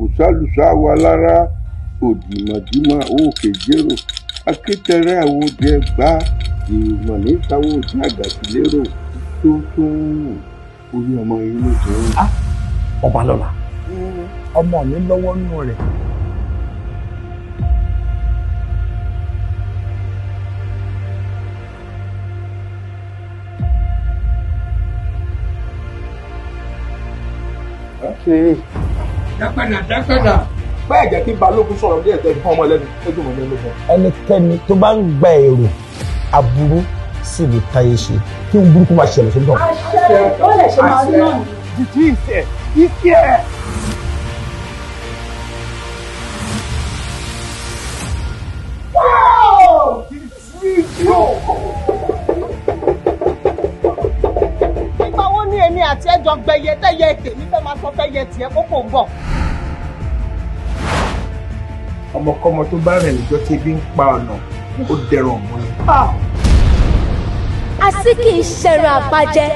kò sálùsọ àwa lára òdìmọ̀dìmọ̀ òkè jérò akétẹrẹ àwòdìẹ gbá ìrìnà ní táwọn òdì àgàtìlérò tó tó ń orí ọmọ yìí ló tó ń. Ah, ọba lọ́la mm-hmm. ọmọ mi lọ́wọ́ nù rẹ̀. Okay. Ah, dápadà dápadà. báyà jẹ́ kí balógun sọ̀rọ̀ bí ẹ̀jẹ̀ nǹkan ọmọ ẹlẹ́nu ẹ̀jẹ̀ ọmọ ẹlẹ́nu fún. ẹnikẹ́ni tó bá ń gba èrò aburú sì lè táyé ṣe kí n burúkú máa ṣẹlẹ̀ sódò. àṣẹ ìṣẹ́ èmi àti ẹjọ gbẹyẹ tẹyẹ tèmi fẹ́ máa sọ fẹyẹ tiẹ̀ kókò ń bọ̀. ọmọkọ́mọ tó bá rìn níjọ́ tí ebi ń pa ọ̀nà ó dẹrùn ọ̀mọ́ ni. àṣì kì í ṣẹran àpajẹ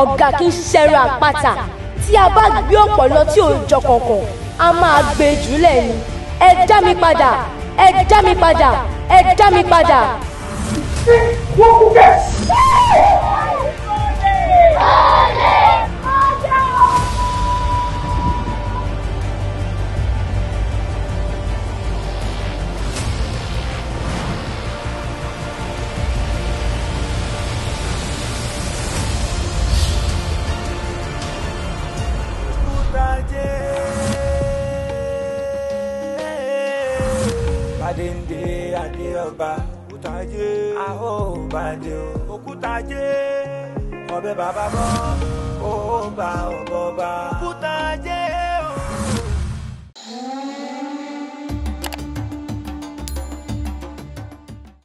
ọ̀gá kì í ṣẹran àpáta tí a bá gbé ọ̀pọ̀lọ́ tí ò jọ kọ̀ọ̀kan a máa gbé jùlẹ̀ ni ẹ dá mi padà ẹ dá mi padà ẹ dá mi padà. wọ́n kú kẹ́. Fadéǹdé Adéọba òkúta ajé ahó òbàdé o òkúta ajé ọbẹ̀ bàbá mọ́ ó bá ọ̀bọ̀ bá òkúta.